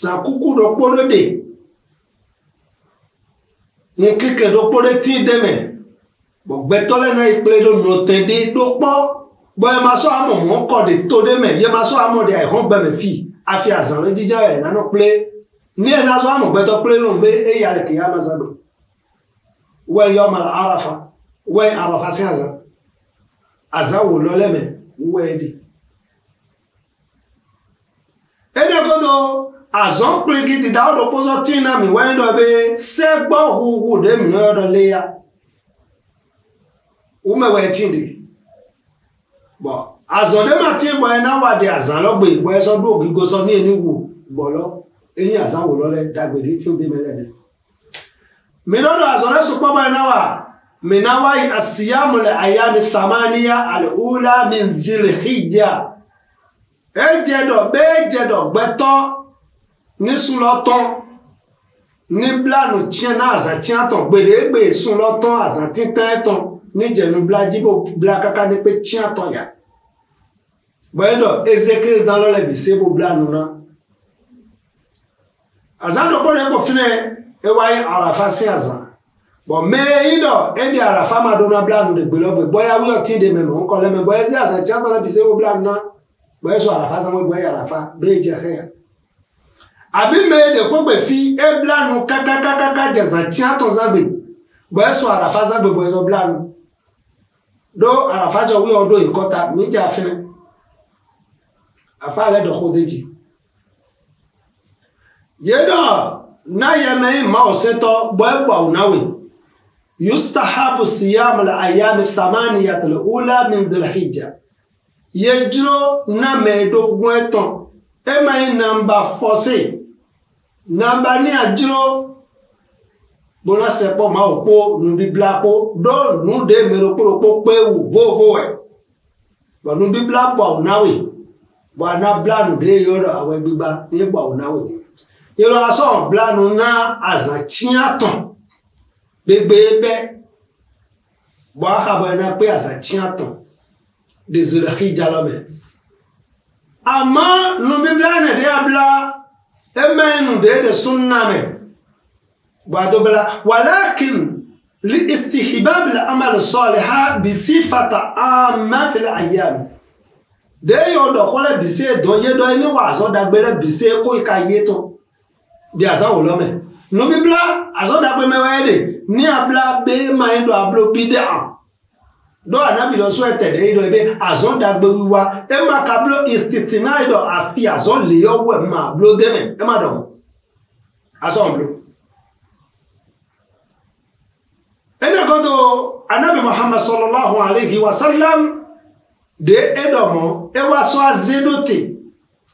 sakuku ɖo kpo ɖo de ŋkeke ɖo kpo ɖe tii de me gbɔgbɛtɔ lɛ na yi kple ɖo nɔte de ɖo kpɔ gbɔ yɛ ma sɔ amɔ mɔ kɔ de to ɖe me yɛ ma sɔ amɔ de ahɔn gbɛmɛ fi afi asan lɛ dzidza yɛ nanɔ kple ne yɛ na sɔ amɔgbɛtɔ kple lɔ be eya ɖeke ya ma zã do wɔyi yɔ ma la arafa wɔyi arafa azawololeme wee dị edegodo azọkpụligidi daodo kpụzọ tinami wee dobe segbo gwugwu deminoyodole ya umewetindi gbọ azọdemati gbọ ẹ e náwà di azalọgbọ ìgbọ ẹsọ bí ògìgò e sọ ní eníwu gbọlọ eyín azawolọlẹ dagbede tí ó dé mẹlẹ dẹ mìíràn azọlẹsùn e pọmọ ẹ من نواحي الصيام الأيام الثمانية الأولى من ذي الحجة ejedọ bẹ ejedọ gbẹtọ ní sunlọtọ ní blanu tiẹ náà àzà tiẹ tọ gbèdégbè sunlọtọ àzà títẹ tọ níjẹnu bla jíbò bla kaka ní pé tiẹ tọ yà bọyẹdọ ezeke dalọlẹ bi sebo blanu na àzà dọ bọlẹ kọfin ẹ ewa ye sí àzà bɔn mɛɛ yi dɔ ɛdi arafa ma do na bla nu de gbe lɔ gbe bɔya wuyɔ ti de mɛ mɛ ŋkɔ lɛ mɛ bɔya zi asɛ tiɲɛ fana bi se wo bla nu na bɔya sɔ arafa sanwó eh, bɔya arafa bɛɛ dze hɛ ya abi mɛɛ de kɔ gbe fi e bla nu kakakakaka dzesa tiɲɛ tɔ za gbe bɔya sɔ arafa za gbe bɔya sɔ bla nu do arafa dzɔ wuyɔ do yi kɔta mi dze afɛ afa alɛ dɔ ko de dzi yedɔ na yɛ mɛ ma ɔsɛtɔ bɔ egbɔ awu na wei yustahabu siyamu al-ayami thamaniyati al-ula min dhul-hijja yedro námẹ́ẹ̀ẹ́dógún ẹ̀tàn ẹ̀mà yìí namba fọ́sì nàmbà ní àdúró bọ́lọ́sẹ̀ pọ̀ máa òpó nùbíbla pọ̀ dọ́ọ̀nù dé mẹ́rọ pọ̀lọpọ̀ pé wù vóvó ẹ̀ bọ̀nù bíbla pọ̀ blanu de yọ̀rọ̀ awe gbígbá ni pọ̀ àwọn náwì yọ̀rọ̀ blanu na àzàtíyàtàn gbegbeegbe bɔ habɔɛ na kpe azatsia tɔn de zoɖexi dzalɔ me ama nubibla ne ɖe abla eme nu ɖe ɖe sunna me gbado bla walakin li istihbab la amal saliha bi sifata amma fil ayyam ɖe yɔ dɔ kɔ le bise dɔn ye dɔ ye ne wɔ azɔ dagbe le bise ko yi ka ye to de aza wòlɔ me nubibla azɔdakpe mɛwɛ de ni abla be ma yi do ablo bi de a do anabi lɔ so ɛtɛ de yi do ebe azɔdagbe wiwa ema ka blo istiti na yi do afi azɔ le yɔ wɛ ma blo gɛmɛ ema dɔn azɔ blo ene koto anabi muhammad sallallahu alayhi wa sallam de edomo ewa so azedote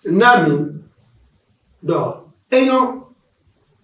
nami do eyan.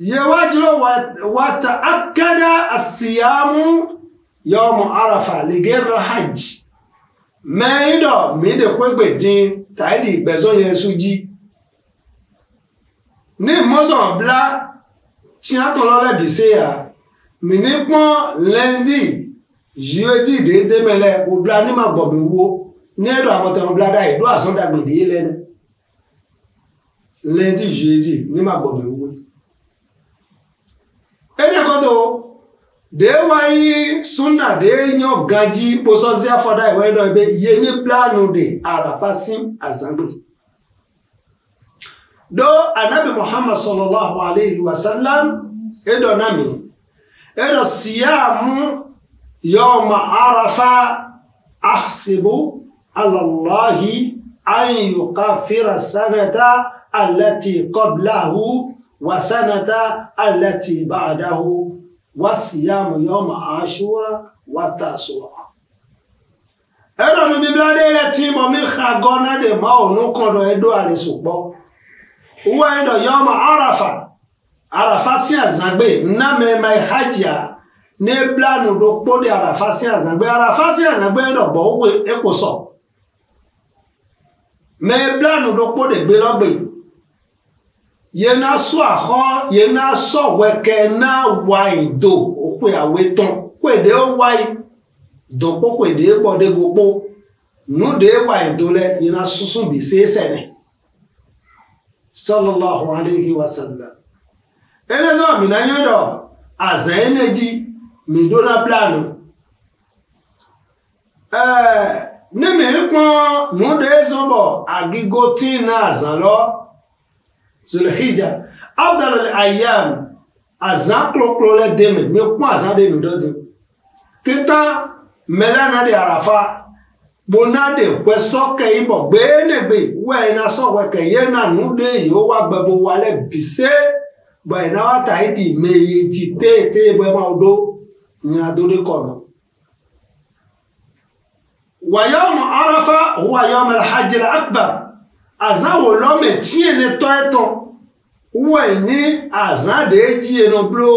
يواجه وتأكد الصيام يوم عرفة لغير الحج ميدو ميدو كويكوي دين تايدي بزو يسوجي ní mọ́sàn bla tí a tọ́ lọ́lẹ́ bí ṣe à mí ní pọ́n lẹ́ndì yíó tí déédé mẹ́lẹ́ òbla ní màá gbọ̀mí wo ní ẹ̀dọ̀ àmọ́tẹ̀rún blada ìlú àsọ̀dàgbèdè lẹ́nu lẹ́ndì yíó tí ní màá wo ene kodo de wayi sunna de nyo gaji bo so zi afoda iwe do be ye ni planu de arafa sin azangbe do anabi muhammad sallallahu alaihi wasallam edo nami edo siyamu yawma arafa ahsibu ala allahi an yuqafira sanata allati qablahu wasanata alati ba'dahu wasiyamu yawma ashura watasua ẹrọ mi bibla de le ti mo mi xa gona de ma onu kodo edo ale sukpo uwa endo yawma arafa arafa si azagbe na me mai hajia ne blanu do kpo de arafa si azagbe arafa si azagbe endo bo ogwe ekpo so me blanu do kpo de gbe yena sụ ahọ yena sọ na wai do okwe awetọ kwede wai dokpo kwede kpọde gokpo nude wai dole yena susu bise sene sallallahu alaihi wasallam enezo mina aza na zulhijja abdalal ayam aza kplɔkplɔ lɛ deme mi kpɔ aza de mi dɔ de kita mɛlɛna de arafa bona de kpɛ sɔkɛ yibɔ gbenegbe wɛ yina sɔwɛ kɛ yena nu de yiwo wa gbɛbo wa lɛ bise bɔ yina wa ta yi di me yi dzi te te bɔ ma wo do nyina do de kɔnɔ wayɔmu arafa wayɔmu alhajjil akbar aza wo lɔ me tsie ne tɔ etɔ wɔe nye aza ɖe dzie no blo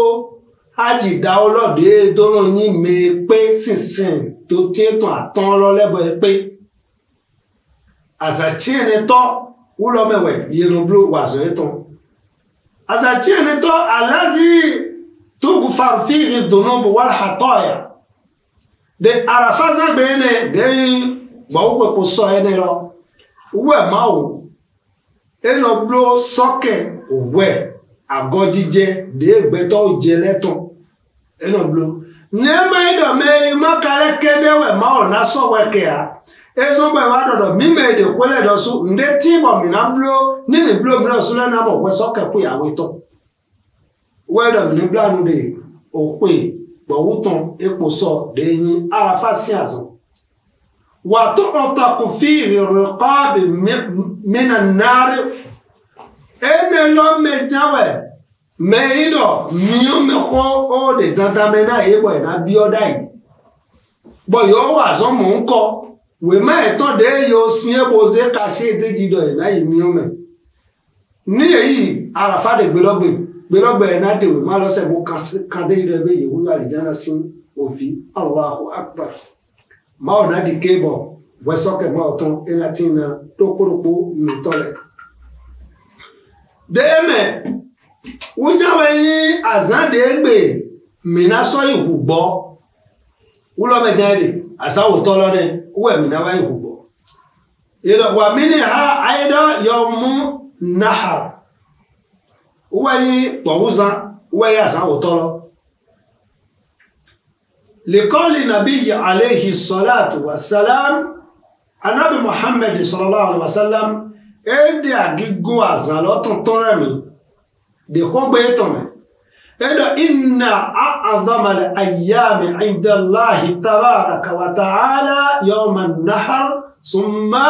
hadzi ɖawo lɔ ɖe dɔnɔ nyi me kpe sisin to tie tɔ atɔ lɔ lɛ bɔ kpe aza tsie ne tɔ wo lɔ me wɛ ye no blo wazɔ etɔ aza tsie ne tɔ aladi togu fanfiri dono bo wala hatɔ ya de arafa zagbe ne de gbɔwo kpekpe sɔ ye ne lɔ. uwe ma wụ ịnọbuo sọke uwe agọjije na egbeta ojeletụ ịnọbuo n'ema ịdọme makalekede we ma ọ na-asọ weke ha ezogbo ewa dọdọ mime ede kwele dọsụ nde tibọ mina blo nini blo mina ọsụ na nabọ kwe sọke kwe ya wetọ wedọ mina blo anụ de okwe gbọwụtọ ekpo sọ de enyi arafa si azụ وتعتق فيه رقاب من النار ene lo mejawe meido miyo meko o de dandan me na ebo na bi oda yi bo yo wa so mo nko we ma e to de yo sin ebo se ka se deji do e na yi miyo me ní èyí arafa de gberogbe gberogbe na de we ma lo se mo kan de ire be yewu aljanna sin ovi allahu akbar mawo e na di ke bɔ wɛsɔkɛ mawo tɔn elati na ɖokpoɖokpo nutɔ le ɖe eme wudzawo nyi aza ɖe gbe mina sɔ yi ʋu gbɔ wulɔ me dza ɖe aza wò tɔ lɔ ɖe wɔ mina va yi ʋu gbɔ wa mini ha ayi ɖe yɔ mu naha wɔ nyi kpɔwuza wɔ yi aza likọ́lì nàbí alayhi salatu wasalam anábì muhammad sallallahu alayhi wasalam èdè àgígún àzà lọ́tọ̀tọ̀ rẹ̀ mi dèkọ́ gbé tọ̀mẹ̀ èdè inna a'dhamal ayyami indallahi tabaraka wa ta'ala yawman nahar summa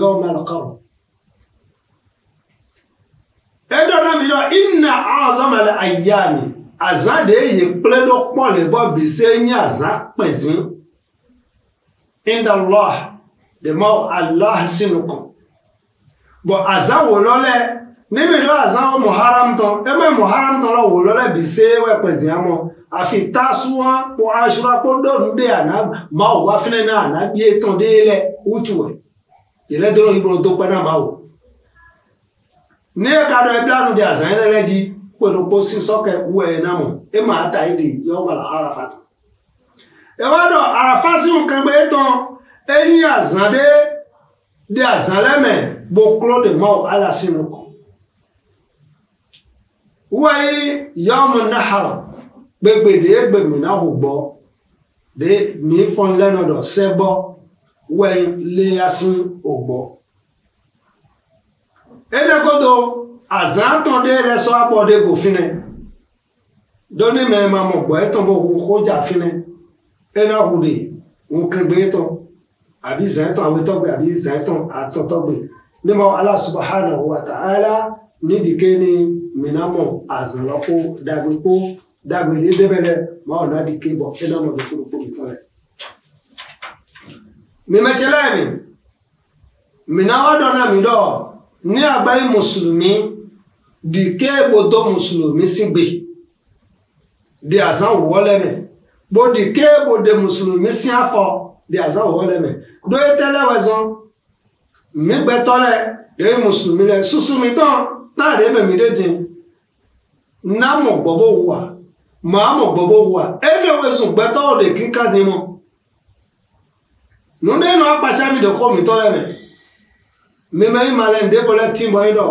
yawmal qarn èdè náà mìíràn inna a'dhamal ayyami aza ɖe yi kple ɖo kpɔ le bɔ bise nye aza kpe zi inda Allah de ma Allah sinu kɔ bɔn aza wòlɔ lɛ ne mi lɔ aza wo muharam tɔ eme muharam tɔ lɔ wòlɔ lɛ bise wɔ kpe zi amɔ afi tasua kpɔ asura kpɔ ɖɔ nu ɖe ana ma wo wa fi ne na ana bie tɔn de lɛ utu wɛ yɛlɛ dɔrɔn yibɔ do kpɛ na ma wo ne ka dɔ ebla nu de aza yɛ lɛ dzi kpɛni kposi sɔkɛ wɛɛna mo e ma ta yi di yɔ wala arafa tó ɛwɔ dɔ arafa si ŋu kɛgbɛ etɔn eyi azã de de azã lɛ mɛ gboklo de ma o ala si nu kɔ wɔyi yɔmu nahara gbegbe de ye gbemi na ho gbɔ de mi fɔn lɛnɔ dɔ sɛ gbɔ wɔyi leya si o gbɔ enegodo azãtɔ ɖe le sɔ abɔ ɖe go fi ne ɖo ne mɛ ma mɔ gbɔ etɔ bɔ ʋu kó dza fi ne ena ʋu ɖe ŋu kegbe etɔ abi zãtɔ awetɔ gbe abi zãtɔ atɔtɔ gbe ne ma ala subahana wa ta'ala ni dike ni minamɔ azãlɔ ko dagbe ko dagbe de debe ɖe ma wɔ na dike bɔ ena mɔ dekoro ko mi tɔ lɛ mimetsela yi mi minawa dɔ na mi dɔ ne agba ye musulumi dìkẹ́ èbòtò mùsùlùmí sígbè di àzán wọ́ lẹ́mẹ̀ bó dìkẹ́ èbòdè mùsùlùmí sí afọ di àzán wọ́ lẹ́mẹ̀ dóyè tẹ́lẹ̀ wẹ̀zán mígbẹ́tọ́lẹ̀ lè mùsùlùmí lẹ̀ sísúmi tán náà lè mẹ̀mí lè dín náà mọ̀ gbọ́bọ̀ wà máa mọ̀ gbọ́bọ̀ wà ẹ̀lẹ́ wẹ̀sùn gbẹ́tọ́ òde kíkà dín mọ́ nínú ìnà apàṣẹ mi dọ̀kọ́ e mi tọ́lẹ̀ mẹ̀ mímẹ́ ìmàlẹ̀ ń débọ̀lẹ̀ tí mọ́ ìdọ̀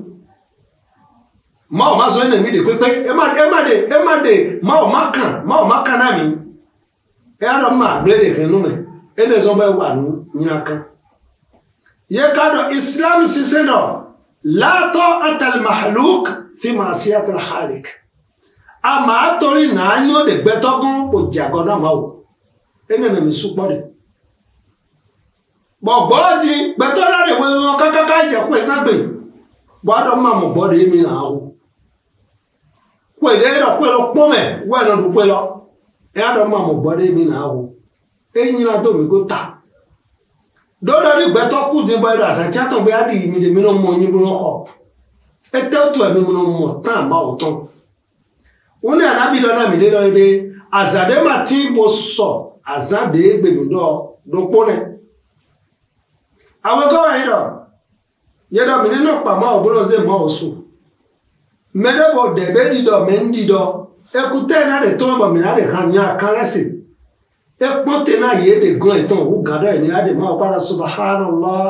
má ò má sọ yín nàmídè pépé ẹ má ẹ má dè ẹ má dè má ò má kàn má ò má kàn náà mi ẹ á lọ mọ àgbélé kan nù mẹ ẹ lè sọ bẹ wà nù nyina kan yẹ ká dọ islam ṣiṣẹ dọ látọ atal mahluk fi máa ṣe atal halik a máa torí náà yóò lè gbẹtọgún òjì àgọdọ máa wò ẹ nà mẹmí súpọ dẹ bọ̀gbọ́ ti gbẹtọ́ láre wọ́n kankan ká ìjẹ̀kú ẹ̀sán gbè bọ́dọ̀ máa mọ̀ gbọ́dọ̀ èmi náà wò kue ɖe eɖɔ kue lɔ kpɔmɛ wɔ ɛnɔ ɖu kue lɔ eya ɖɔ ma mo gbɔ ɖe mi na wo enyi la do mi ko ta ɖɔɖɔ ni gbɛtɔ ku di bɔ ɛɖɔ e asatsia tɔ bɛ aɖi mi de mi nɔ mɔ nyi e e mi nɔ xɔ ete tu ɛmi mi nɔ mɔ tán ma wò tɔn wo ne anabi lɔ na mi de lɔ de aza ɖe ma ti bo sɔ aza ɖe gbemi ɖɔ ɖo kpɔ nɛ awɔ gɔwɔ yi ɖɔ yɛ ɖɔ mi ne nɔ kpa ma wò bolo ze ma wò so me ɖe vɔ ɖe be ɖiɖɔ me ŋɖiɖɔ ekute na ɖe tɔn bɔ me na ɖe hã nya kan lɛ se ekpɔ te na ye ɖe gɔn etɔn wo ga ɖe nya ɖe ma wo kpa la subhanallah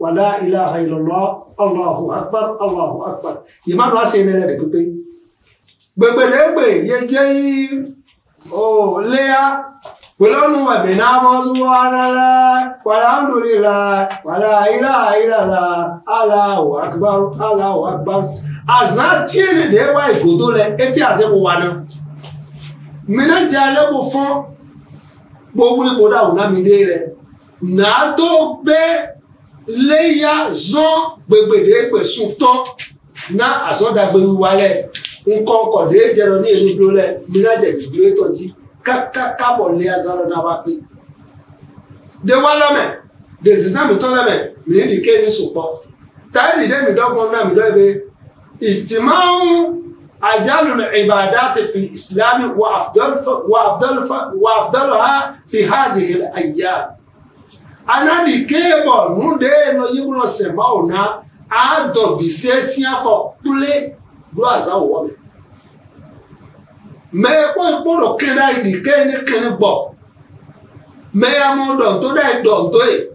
wala ilaha illallah allahu akbar allahu akbar yi ma do ase ne ɖe pepe gbegbe ɖe gbe ye dze yi o léa. ولون وبنا وسبحان الله والحمد لله ولا إله إلا الله الله أكبر الله أكبر àzá tí ènìyàn wá ìgò tó lẹ etí àṣẹ kò wá ná mìíràn jẹ alẹ́ kò fún gbogbo ní kò dá òun náà mi dé rẹ nàá tó gbé léyà zán gbègbèdé gbèsùn tán ná àsọdàgbè wíwálẹ nǹkan kọ̀dé jẹrọ ní èmi dúró lẹ mìíràn jẹ gbègbè tó ti kábọ̀ lé azalɔ n'aba kpe de wa lɔmɛ de zizan mi tɔ lɔmɛ mi ni di ke ni sopɔ tayi e li de mi dɔ gbɔn e na mi dɔ ebe ìtìmáwó àjálù ìbàdà ti fi ìsìlámì wà àfdọ́lù ha fi hàzì hìlẹ̀ àyà anadi kébọ̀ nùdé nọ yíwúrọ̀ sẹ̀máwò náà àádọ́bì sẹ́síà fọ kúlé lọ́àzá wọ̀ mɛ kpɔn kpɔdɔ kiri da yi ke ne kiri gbɔ mɛ amewo dɔnto da yi dɔnto yi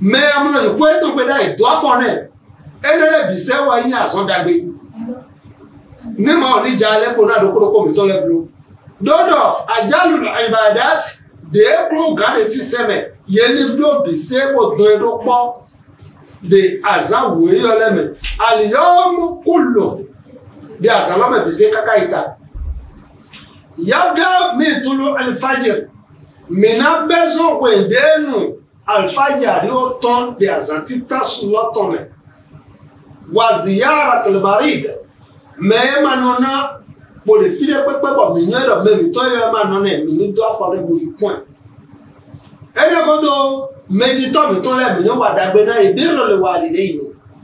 mɛ amewo yi kpɔn eto gbe da yi do afɔ nɛ ɛnɛ lɛ bisɛ wa yi azɔ dagbe ne ma ɔni dza lɛ kpɔn na do kpɔn kpɔn mi tɔ lɛ blo dodo adzalu ibadat de klo gane si sɛmɛ yeli do bisɛ ko do do kpɔ de aza wo eyɔ lɛ mɛ aliyɔmu kulo de aza lɔ mɛ bisɛ kaka yi ta yabda min tulu alifajir mina bẹsọ wẹndẹnu alifajari o tọn de azanti tasu lọtọmẹ wa ziyara tilibarid mẹ e ma nọna kpolifide kpekpebọ mi nyẹ dọ mẹ mi tọ yẹ ma nọna mi ni do afọ de bo ikun ẹ ẹdẹ koto mẹ ti mi tọ lẹ mi ni wa dagbe na ebi rẹ le wa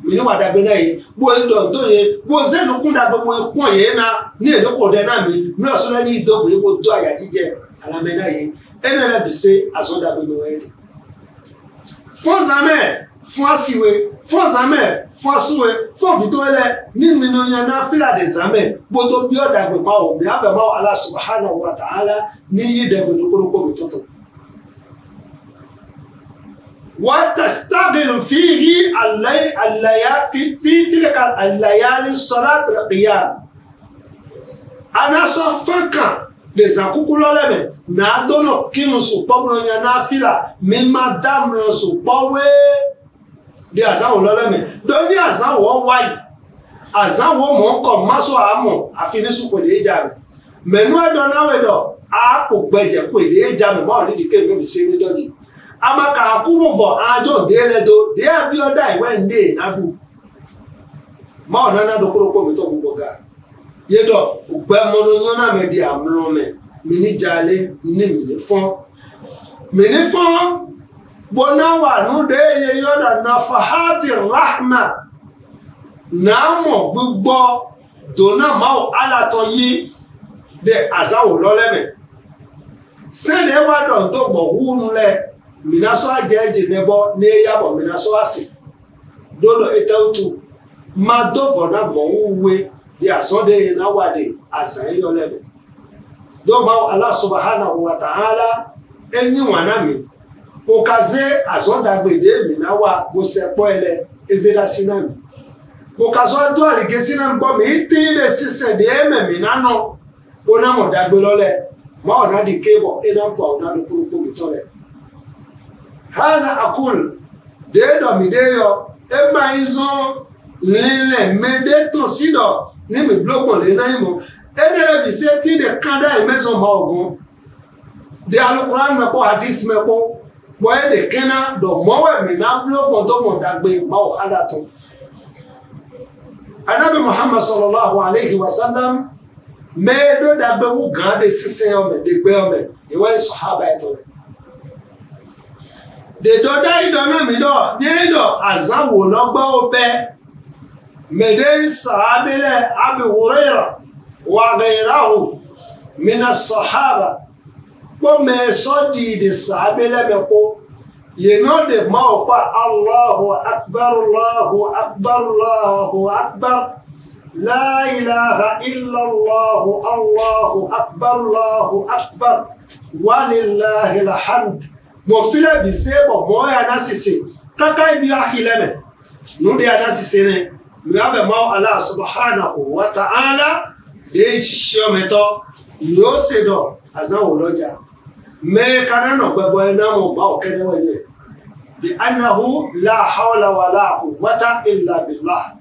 miniwa da bena ye bo ye dɔn to ye bo zenu kunda bo bo ye kpɔn ye na ni yɛrɛ k'o dɛ na mi mi na ni dɔ bo ye ko do y'a jijɛ ala mɛ na ye e nana bi se a sɔn da bɛ nɔgɔ ye de fɔn zamɛ fún asiwe fún zamẹ fún asuwe fún fitowelẹ ní minnuyan náà fílà de zamẹ gbọdọ bí ọdàgbẹmọ àwọn mi àbẹmọ Allah subhanahu wa ta'ala ní yídẹgbẹdọkọlọpọ mi tọtọ. وتستعمل فيه اللي اللي في, في تلك الليالي صلاة القيام أنا صفكا les akukulɔ lɛ mɛ naa do no kinu sukpɔ mlɔ nya na fi la mi ma da mlɔ sukpɔ we de azawo lɔ lɛ mɛ do ni azawo wa yi azawo mɔ kɔ maso amɔ afi ni suko de edza mɛ mɛ nu ɛdɔ na wɛ dɔ akpo gbɛdze ko de edza mɛ mɔ ɔni di ke mi bi se ni dɔ di. amaka akwụrụvọ ajọ deledo dee abiodai wende nabu ma ọ nana dokorokpo meto gbogbo ga yedo ogbe mọnu nyọna mẹdi amúlọ mẹ mini jalè ní mini fọn mini fọn gbọnà wà núdẹ eye yọdà nafahati rahma nàámọ gbígbọ dona mao alatọ yí de azawo lọlẹmẹ sẹlẹ wà dọ̀ntọ̀ gbọ̀ wúnu Minaso so ajeje nebo ne yabo mina so ase dono etautu ma dovo na mo uwe di asode na wade asan yo lebe do ba Allah subhanahu wa ta'ala enyi wana mi ukaze azoda gbede emi na wa go sepo ele ezeda sinami ukazo do alike sinan bo mi tinde sise de eme mi na no ona mo dagbe lole ma ona di kebo ena po ona do kuru kuru tole haza akul deedomideyo ema izo lile medeto sido nimi blogbo lena imo enere bi se ti de kada imezo ma ogun de alukuran mepo hadis mepo bo e de kena do mowe mi na blogbo to mo dagbe ma o hada to anabi muhammad sallallahu alaihi wasallam meedo dagbe wu gan de sisin ome de gbe ome iwe sahaba etore dèdọdá ìdọnàmídọ nídọ àzáwò lọgbọ ọbẹ mẹdẹ sàábílẹ Abi Hurairah wa ghayrahu mina sahaba kpọmẹ sọdìdì sàábílẹ mẹkọ yìnyọ de ma ọ pa Allahu akbar Allahu akbar Allahu akbar la ilaha illallahu Allahu akbar Allahu akbar walillahil hamd mɔfilɛ bi se bɔ mɔɔ ya na sise kaka bi a hilɛ mɛ nu de ya na sise nɛ nu ya bɛ maaw ala subahana o wa ta an la de siɔ mɛ tɔ nu y'o se dɔ a zan wò lɔdza mɛ kana nɔ gbɛbɔ yi na mɔ maaw kɛnɛ wɛ nyɛ bi anahu la hawla wa la quwwata illa billah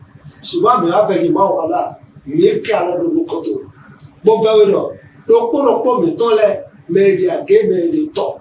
ṣùgbọ́n mi wàá fẹ́ kí n máa wà láà mi kí alọ́ ló ló kọ́tò mo fẹ́ wí lọ lọ́pọ̀lọpọ̀ mi tán lẹ mẹ́rin àgé mẹ́rin tọ̀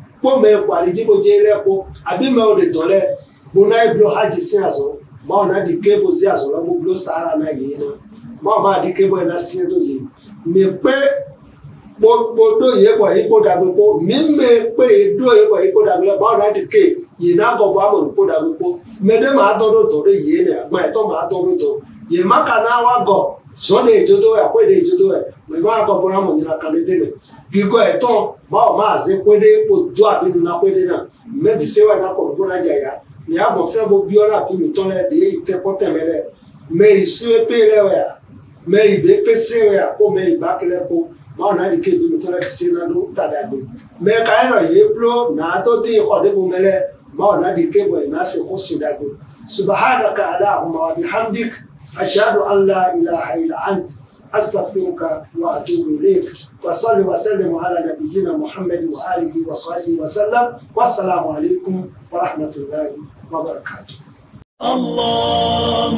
kpome kwari dzi kodze lɛ kpɔ abi mɛ wo le dɔ lɛ bona eblo hajj si azɔ ma ọ na di bụ si azɔ la gbogbo sahara na yi na ma wo ma di bụ yɛ e na si do yi mɛ kpe kpokpo do yi bɔ yi kpo e dagbe kpo mi mɛ kpe yi do yi bɔ yi kpo dagbe ma ọ na di ke yi na bɔbɔ ame kpo dagbe kpo mɛ ma dɔ dọrọ dɔ ɖe yi mɛ ma ịtọ e ma dɔ do dɔ yi ma kana wa sɔɔni edzodowe akoede edzodowe mɛ ma akɔ bɔra mo nyina kan de de mɛ gigɔ ɛtɔn ma o ma aze koede ko do afi nu na koede na mɛ bi se wa na kɔ nugo na dza ya ni a bɔ fɛn bo biɔ na afi mi tɔ lɛ de yi tɛ kɔ tɛmɛ lɛ mɛ yi sue pe lɛ wɛ a mɛ yi ma o na di ke fi mi tɔ na do ta da do ka yɛ lɔ ye blo na tɔ de xɔ de bo mɛ ma o na di ke bɔ yi na se ko si da do subahana ka ala ahuma wa hamdik. أشهد أن لا إله إلا أنت أستغفرك وأتوب إليك وصل وسلم على نبينا محمد وآله وصحبه وسلم والسلام عليكم ورحمة الله وبركاته الله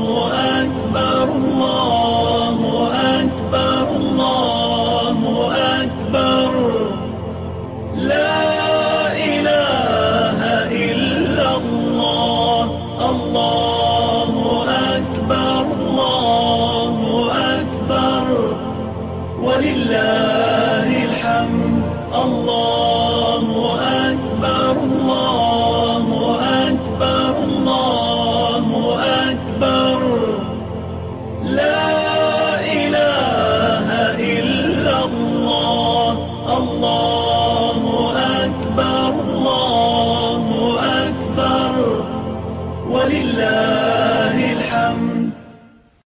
أكبر الله أكبر الله أكبر لا